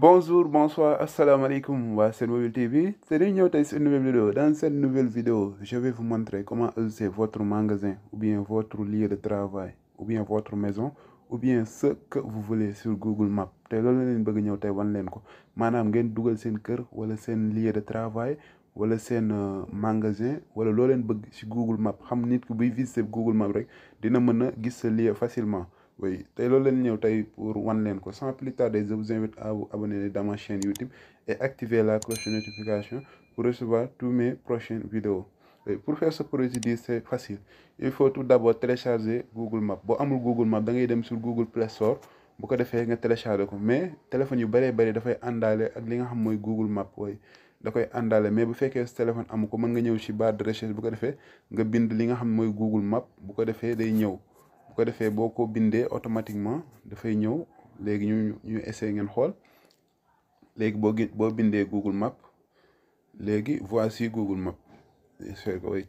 bonjour bonsoir asalaamaaleykum waa Sen Mobile TV c'est di ñëw tey si une nouvelle vidéo dans seen nouvelle vidéo je vais vous montrer comment ajuster votre magasin ou bien votre lieu de travail ou bien votre maison ou bien ce que vous voulez sur Google Maps te loolu leen bëgg ñëw tey wan leen ko maanaam ngeen dugal seen kër wala seen lier de travail wala seen euh, magasin wala loo leen bëgg si Google Maps xam nit ku bi vis visiter Google Maps rek dina mën a gis sa lieu facilement oui tey loolu leen ñëw tey pour wan leen ko sans plus tarder je vous invite à vous abonner dans ma chaîne YouTube et activer la cloche de notification pour recevoir tous mes prochaines vidéos pour faire ce procédé c'est facile il faut tout d'abord télécharger Google Maps boo amul Google Maps da dem sur Google Play Store bu ko defee nga télécharger ko mais téléphone yu bëree bëri dafay àndaale ak li nga xam mooy Google Maps oui da koy àndaale mais bu fekkee sa téléphone amu ko mën nga ñëw ci barre de recherche bu ko defee nga bind li nga xam mooy Google Maps bu ko defee day ñëw. ko defee boo ko bindee automatiquement dafay ñëw léegi ñu ñu essayé ngeen xool léegi boo boo bindee Google Map léegi voici Google Map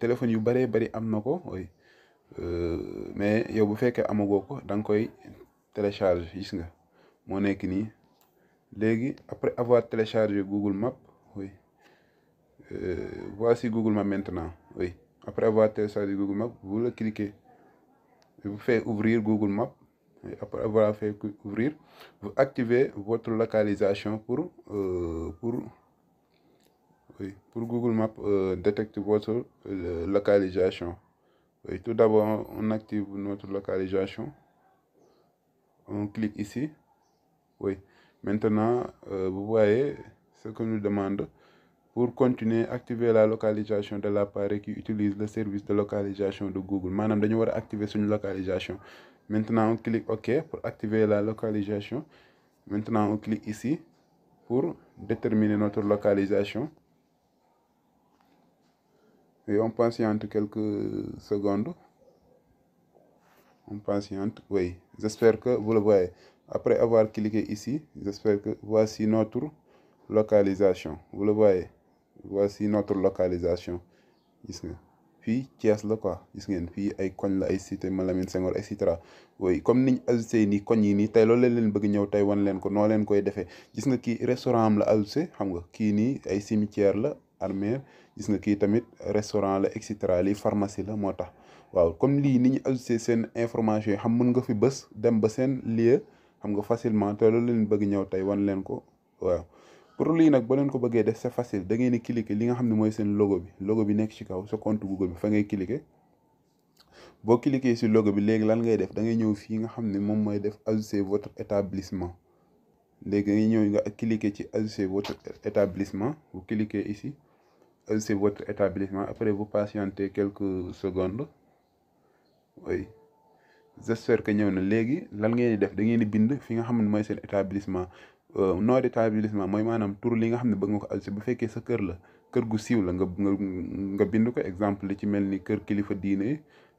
téléphone yu bëree bëri am na ko oui euh, mais yow bu fekkee amagoo ko dang koy télécharge gis nga moo nekk nii léegi après avoir téléchargé Google Map oui euh, voici Google Map maintenant oui après avoir téléchargé Google Map vous le cliquez vous faites ouvrir Google Maps et après avoir fait ouvrir vous activez votre localisation pour euh, pour pour Google Maps euh, détecte votre euh, localisation tout d'abord on active notre localisation on clique ici oui maintenant euh, vous voyez ce que nous demande pour continuer activer la localisation de l'appareil qui utilise le service de localisation de Google maanaam dañu war a activer suñu localisation maintenant on clique OK pour activer la localisation maintenant on clique ici pour déterminer notre localisation et on patiente quelques secondes on patiente oui j'espère que vous le voyez après avoir cliqué ici j'espère que voici notre localisation vous le voyez voici notre localisation gis nga fii Thiès la quoi gis ngeen fii ay koñ la ay cité Malamine Senghor et cetera oui comme niñ ajusté nii koñ yi ni tey loolu leen leen bëgg ñëw tey wan leen ko noo leen koy defee gis nga kii restaurant am la ajusté xam nga kii nii ay cimetière la armée gis nga kii tamit restaurant la et cetera lii pharmacie la moo tax waaw comme lii ni ñu ajusté seen information yi xam mën nga fi bës dem ba seen lieu xam nga facilement te loolu leen bëgg ñëw tey wan leen ko waaw pour lii nag ba leen ko bëggee def c'est facile da ngeen di cliquer li nga xam ne mooy seen logo bi logo bi nekk ci kaw sa compte Google bi fa ngay cliquer boo si logo bi léegi lan ngay def da ngay ñëw fii nga xam ne moom mooy def ajouter votre établissement léegi da ngay ñëw nga cliquer ci ajouter votre établissement vous cliquez ici ajouter votre après vous patientez quelques secondes oui que ñëw na léegi lan ngeen def da ngeen di bind fi nga xam ne mooy seen établissement Euh, noo d'état établissement mooy maanaam tour li nga xam ne bëgg nga ko al si bu fekkee sa kër la kër gu siiw la nga nga bind ko exemple li ci mel ni kër kilifa diine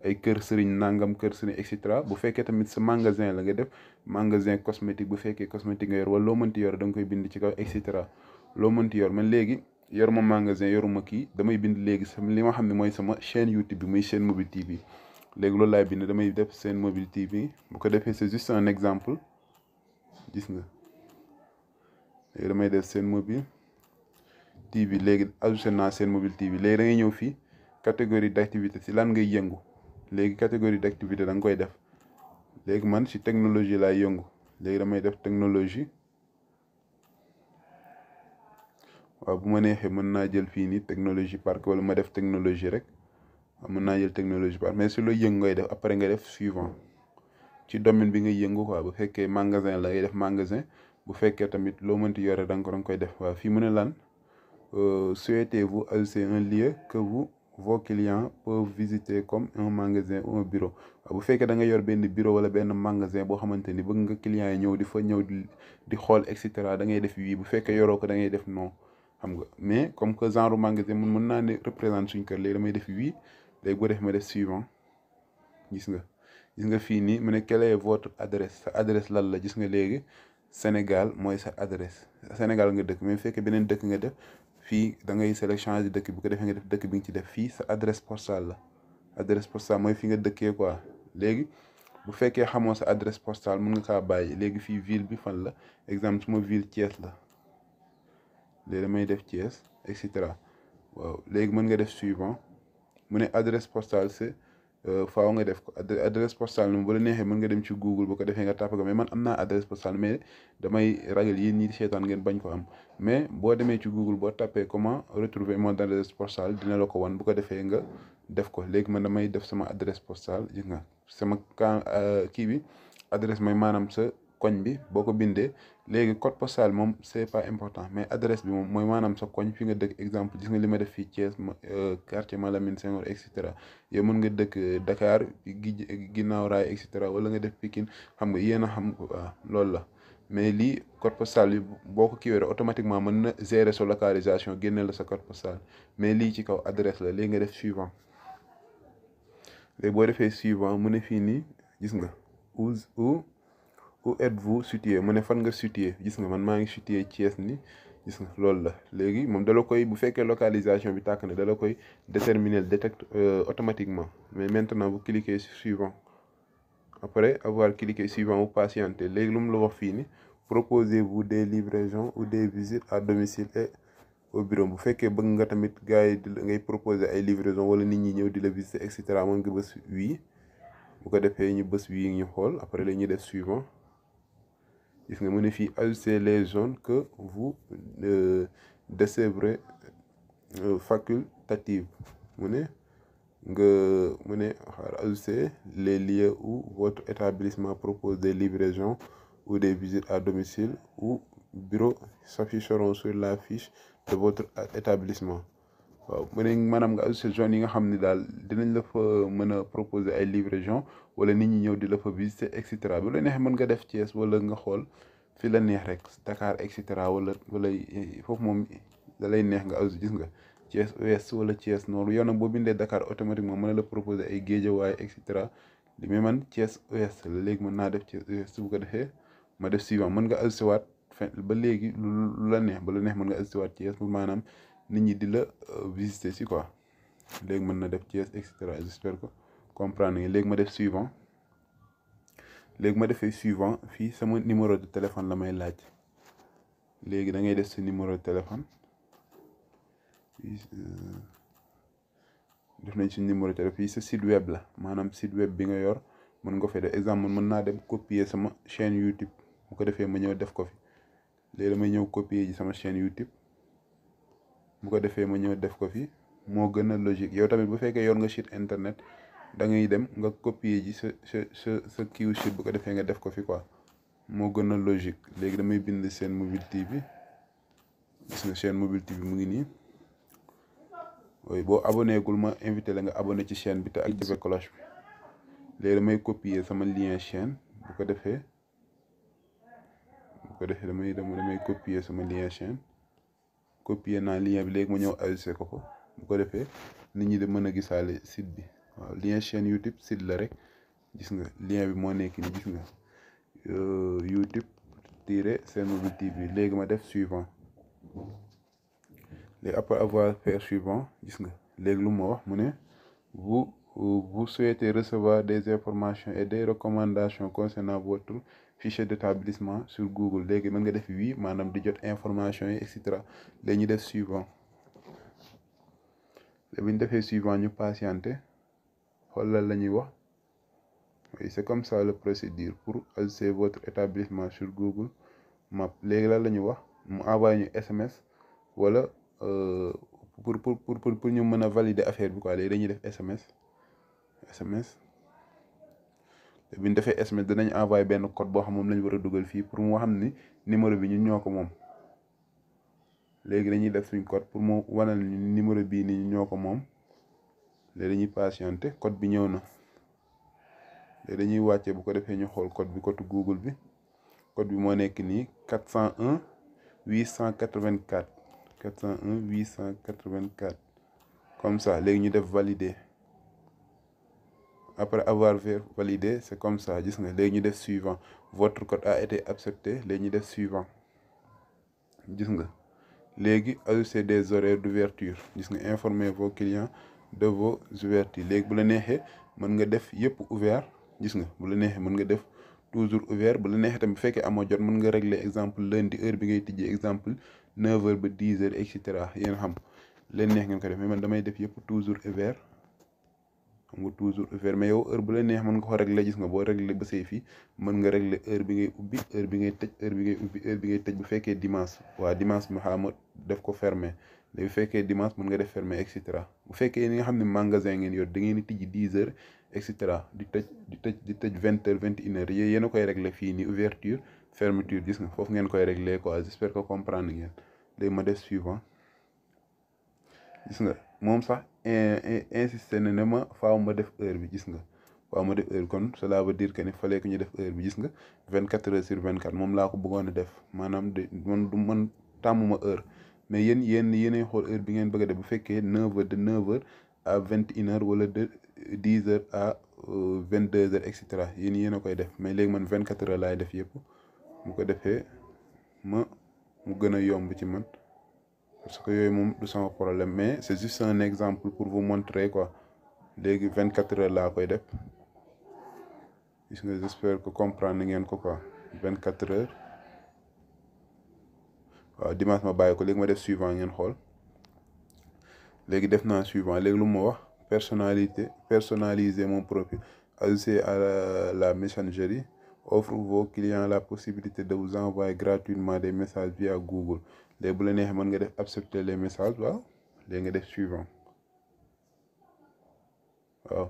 ay kër sëriñ nangam kër sëriñ et cetera bu fekkee tamit sa magasin la nga def magasin cosmétique bu fekkee cosmétique nga yor wala loo mënti yor danga koy bind ci kaw et cetera loo mënti yor man léegi yor ma magasin yoruma kii damay bind léegi sama li ma xam ne mooy sama chaîne YouTube bi muy chaîne mobile TV léegi loolu laay bind damay def chaîne mobile TV bu ko defee c'est juste exemple gis nga. léegi damay def seen mobile TV léegi ajouté seen mobile TV léegi da ngay ñëw fii catégorie d' si lan ngay yëngu léegi catégorie d' activité da koy def léegi man si technologie laay yëngu léegi damay def technologie waaw bu ma neexee mën naa jël fii nii technologie parc wala ma def technologie rek waaw mën naa jël technologie parc mais si looy yëngu ngay def après nga def suivant ci domaine bi ngay yëngu quoi bu fekkee magasin la ngay def magasin. bu fekkee tamit loo mënti yore da nga koy def waaw fii mu ne lan euh, souhaitez-vous ajouter un lieu que vous vos clients peuvent visiter comme un magasin un bureau waaw bu fekkee da nga yor benn bureau wala benn magasin boo xamante ni bëgg nga clients yi ñëw di fa ñëw di xool et cetera da ngay def wii bu fekkee yoroo ko da ngay def no xam nga mais comme que genre magasin mun mën naa ne représente suñ kër léegi damay def wii léegi boo def ma def suivant gis nga gis nga fii nii mu ne quelle est votre adresse lan la gis nga léegi Sénégal mooy sa adresse Sénégal nga dëkk mais bu fekkee beneen dëkk nga def fii da ngay sélection di dëkk bu ko defee nga def dëkk bi nga ci def fii sa adresse postale la adresse postale mooy fi nga dëkkee quoi léegi bu fekkee xamoo sa adresse postale mun nga kaa bàyyi léegi fii ville bi fan la exemple suma ville Thiès la léegi damay def Thiès et cetera waaw léegi mën nga def suivant mu ne adresse postale c'est Euh, faaw nga def ko adresse postale moom bu la neexee mën nga dem ci Google bu ko defee nga tàpp ko mais man am naa adresse postale mais damay ragal yéen ñi seetaan ngeen bañ ko am mais boo demee ci Google boo tàppee comment retrouver mon adresse postale dina la ko wan bu ko defee nga def ko léegi man damay def sama adresse postale gis nga sama euh, kii bi adresse mooy maanaam sa. koñ bi boo ko bindee léegi code postal moom c'est pas important mais adresse bi moom mooy maanaam sa koñ fi nga dëkk exemple gis nga li ma def fii Thiès euh, quartier Malamine Senghor et cetera yow mën nga dëkk euh, Dakar gi ginnaaw raay et cetera wala nga def Pikine xam nga yéen a xam waaw loolu la mais lii code postal bi boo ko kiiwee automatiquement mën na gérer sa localisation génne la sa code postal mais lii ci kaw adresse la léegi nga def suivant léegi boo defee suivant mu ne fii nii gis nga où êtes-vous situé mu ne fan nga situé gis nga man maa ngi situé Thiès ni gis nga loolu la léegi moom dala koy bu fekkee localisation bi tàkk na dala koy déterminer détecte euh, automatiquement mais maintenant bu cliquer suivant après avoir cliqué suivant ou patienter léegi lu mu la wax fii ni proposez bu des livraisons ou des visites à domicile et au bureau bu fekkee bëgg nga tamit gars yi di ngay proposer ay livraison wala nit ñi ñëw di la visiter et cetera mën nga bës wii bu ko defee ñu bës wii ñu xool après la ñuy def suivant gis nga mu ne fii ajouter les zones que vous euh, décevrez euh, facultative mu ne nga mu ne xaar les lieux où votre établissement propose des livraisons ou des visites à domicile ou bureau s'afficheront sur la fiche de votre établissement waaw mu ne maanaam nga associé zone yi nga xam ne daal dinañ la fa mën a proposer ay livraison wala nit ñi ñëw di la fa visiter et cetera bu mën nga def Thiès wala nga xool fi la neex rek Dakar et cetera wala wala eh, foofu moom da lay neex nga associé gis nga Thiès ouest wala Thiès nord yow nag boo bindee Dakar automatiquement mën a la proposer ay Guédiawaye et cetera li man Thiès ouest la léegi mën naa def Thiès ouest bu defee ma def suivant mën nga associé waat ba léegi lu la neex ba la neex mën nga associé waat Thiès maanaam nit ñi di la euh, visiter si quoi léegi mën na def Thiès et cetera j'espère que comprendre nga léegi ma def suivant léegi ma defee suivant fii sama numéro de téléphone la may laaj léegi da ngay def sa numéro de téléphone euh, def nañ si numéro de téléphone fii sa site web la maanaam site web bi nga yor mën nga ko fay exemple mën naa dem copier sama chaîne YouTube bu ko defee ma ñëw def ko fi léegi damay ñëw copier ji sama chaîne YouTube. bu ko defee ma ñëw def ko fi moo gën a logique yow tamit bu fekkee yor nga site internet da ngay dem nga copier ji sa sa sa sa kiiw site bu ko defee nga def ko fi quoi moo gën a logique léegi damay bind seen mobile tv gis nga chaîne mobile mu ngi nii ooy boo abonné ma invité la nga abonné ci chaîne bi te activé cloche bi copier sama lien chaîne bu ko defee bu ko defee damay damay copier sama lien chaîne copier naa lien bi léegi ma ñëw ajusté ko ko bu ko defee nit ñi de mën a gisaale site bi waaw lien chaîne YouTube site la rek gis nga lien bi moo nekk ni gis nga euh, YouTube tiré Senwood TV léegi ma def suivant léegi après avoir fait suivant gis nga léegi lu ma wax mu ne vous vous souhaitez recevoir des informations et des recommandations concernant votre fichier d'établissement sur Google léegi mën nga def wii maanaam di jot information yi et cetera léegi ñu def suivant bu defee suivant ñu patienter xoolal la ñuy wax oui c'est comme ça le procédure pour ajouter votre établissement sur Google Maps léegi lan la ñuy wax mu envoyé ñu SMS wala euh, pour pour pour pour ñu mën a valider affaire bi quoi léegi dañuy def SMS. SMS bi ñu defee SMS danañ envoyé benn code boo xam moom lañu war a dugal fii pour mu xam ni numéro bi ñu ñoo ko moom léegi dañuy def suñ code pour mu wanal ñu numéro bii ni ñoo ko moom léegi dañuy patienté code bi ñëw na léegi dañuy wàcce bu ko defee ñu xool code bi code Google bi code bi moo nekk nii un 401 884 401 884 comme ça léegi ñu def valider. après avoir ver validé c'est comme ça gis nga léegi ñu def suivant votre code a été accepté léegi ñu def suivant gis nga léegi ajouter des horaires d'ouverture gis nga informer vos clients de vos ouvertures léegi bu la neexee mën nga def yëpp ouvert gis nga bu la neexee mën nga def toujours ouvert bu la neexee tamit bu fekkee amoo jot mën nga régler exemple lundi heure bi ngay tijjee exemple 9h ba 10h et cetera yéen xam leen neex ngeen ko def man damay def yëpp toujours ouvert xam nga toujours affaire mais yow heure bu la neex mën nga ko régler gis nga boo régler ba say fii mën nga régler heure bi ngay ubbi bi ngay tëj heure bi ngay ubbi bi ngay tëj bu fekkee dimanche waa dimanche bi def ko fermer bu fekkee dimanche mën nga def fermer et cetera bu fekkee ni nga xam ne magasin ngeen yor da ngeen di tijji dix heures et cetera di tëj di tëj di tëj vingt heures yéen a koy régler fii nii ouverture fermeture gis nga foofu ngeen koy régler quoi j'espère ko comprendre ngeen léegi ma def suivant gis nga moom sax insisté na ne ma fa ma def heure bi gis nga faaw ma def heure kon cela veut dire que ni fallait que ñu def heure bi gis nga vingt quatre heures sur vingt quatre moom laa ko bëggoon a def maanaam de man du man tàmmuma heure mais yéen yéen yéenay xool heure bi ngeen bëgg a def bu fekkee neuf heures de neuf heures à vingt une heure wala de dix heure à euh, vingt deux heures et cetera yéen yéen a koy def mais léegi man vingt quatre heures laay def yëpp mu ko defee mu gën a yomb ci man parce que yooyu moom du sama problème mais c'est juste un exemple pour vous montrer ko léegi vingt quatre heures laa koy def gis nga j'espère que comprendre ngeen ko quoi vingt quatre heures waaw dimanche ma bàyyi ko léegi ma def suivant ngeen xool léegi def naa suivant léegi lu ma wax personnalité personnaliser mon profil ajouter à la, la messagerie offre vos clients la possibilité de vous envoyer gratuitement des messages via Google léegi bu la neexee mën nga def accepter les messages waaw léegi nga def suivant waaw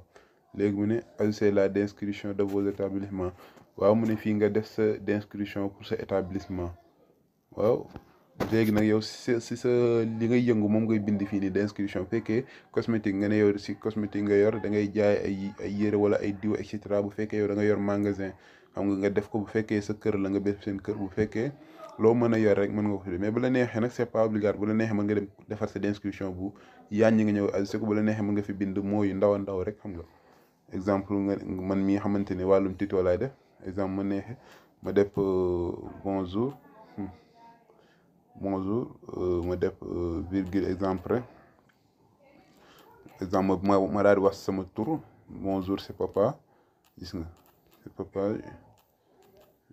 léegi mu ne la description de vos établissements waaw mu ne fii nga def sa description pour sa établissement waaw léegi nag yow si sa si sa li ngay yëngu moom ngay bind fii nii d'inscription fekkee cosmétique nga ne yow si cosmétique nga yor da ngay jaay ay ay ay diw et bu fekkee da nga yor magasin xam nga nga def ko bu fekkee sa kër la nga def seen kër bu fekkee loo mën a yor rek mën nga ko mais bu la neexee nag c'est pas obligatoire bu la neexee mën nga dem defar sa inscription bu yaañ nga ñëw ajusté ko bu la neexee mën nga fi bind moo yu ndaw ndaw rek xam nga exemple nga man mii xamante ne wàllum tuto laay def exemple ma neexee ma def euh, bonjour bonjour euh, ma def euh, virgule exemple près exemple ma ma daal di wax sama tur bonjour c'est papa gis nga c'est papa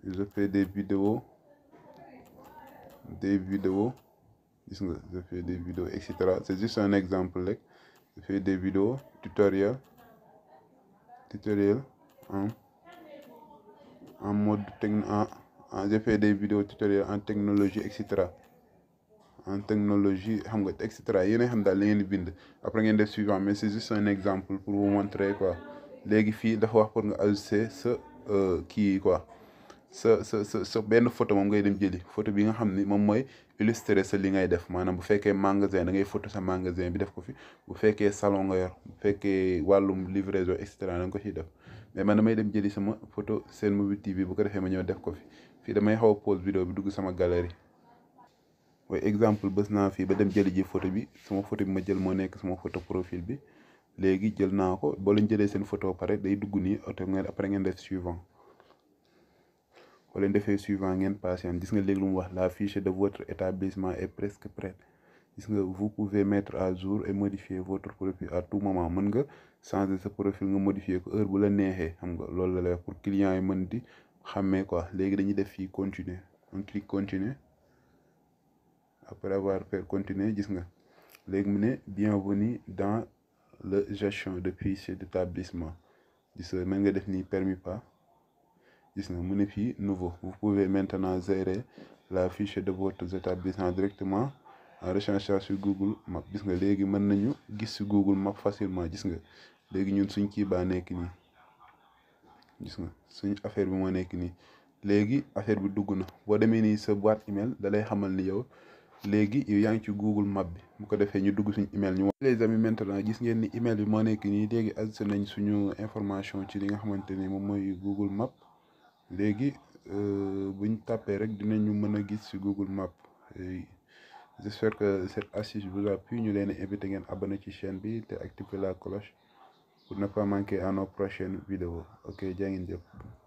je fais des vidéos des vidéos gis nga je fais des vidéos et cetera c'est juste un exemple rek je fais des vidéos tutoriel tutoriel en en mode techn en je fais des vidéos tutoriel en technologie et cetera en technologie xam nga et cetera yéen xam daal li ngeen di bind après ngeen def suivant mais c'est juste un exemple pour vous montrer quoi léegi fii dafa wax pour nga ajouter sa euh, kii quoi sa sa sa sa benn photo moom ngay dem jëli photo bi nga xam ni moom mooy illustrer sa li ngay def maanaam bu fekkee magasin da ngay photo sa magasin bi def ko fi bu fekkee salon nga yor fekkee wàllum livraison et cetera da ko ciy def mais man damay dem jëli sama photo seen mobile TV bu ko defee ma ñëw def ko fi fii damay xaw a pause vidéo bi dugg sama galerie. way exemple bës naa fii ba dem jëli ji photo bi sama photo bi ma jël moo nekk suma photo profil bi léegi jël naa ko boo leen jëlee seen photo pare day dugg nii oto ngeen après ngeen def suivant boo leen defee suivant ngeen patient gis nga léegi lu mu wax la fiche de votre établissement et presque prête gis nga vous pouvez mettre à jour et modifier votre profil à tout moment mën nga changer sa profil nga modifier ko heure bu la neexee xam nga loolu la lay pour client yi mën di xàmmee quoi léegi dañuy def fii continuer on clique continuer après avoir fait continuer gis nga léegi mu ne bien bu ni dans le gestion depuis cet établissement gis nga mën nga def nii permis pas gis nga mu ne fii nouveau vous pouvez maintenant gérer la fiche de votre établissement directement en recherchant sur Google Maps gis nga léegi mën nañu gis si Google Maps facilement gis nga léegi ñun suñ kii baa nekk nii gis nga suñ affaire bi moo nekk nii léegi affaire bi dugg na boo demee nii sa boîte email da lay xamal ni yow léegi yow yaa ngi ci Google Map bi bu ko defee ñu dugg suñu email ñu les amis maintenant gis ngeen ni email bi moo nekk nii léegi ajouté nañ suñu information ci li nga xamante ni moom mooy Google Map léegi euh, buñ tàppee rek dinañu mën a gis ci Google Map j'espère que cette astuce vous a plu ñu leen invité ngeen abonné ci chaîne bi te activer la cloche pour ne pas manquer à nos prochaines vidéos ok jaa ngeen jëf